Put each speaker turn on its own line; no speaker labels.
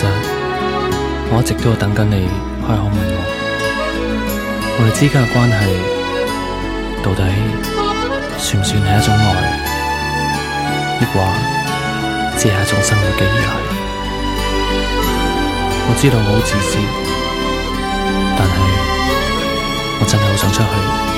其實我一直都等緊你開口問我，我哋之間嘅關係到底算唔算係一種愛？抑或只係一種生活嘅依賴。我知道我好自私，但係我真係好想出去。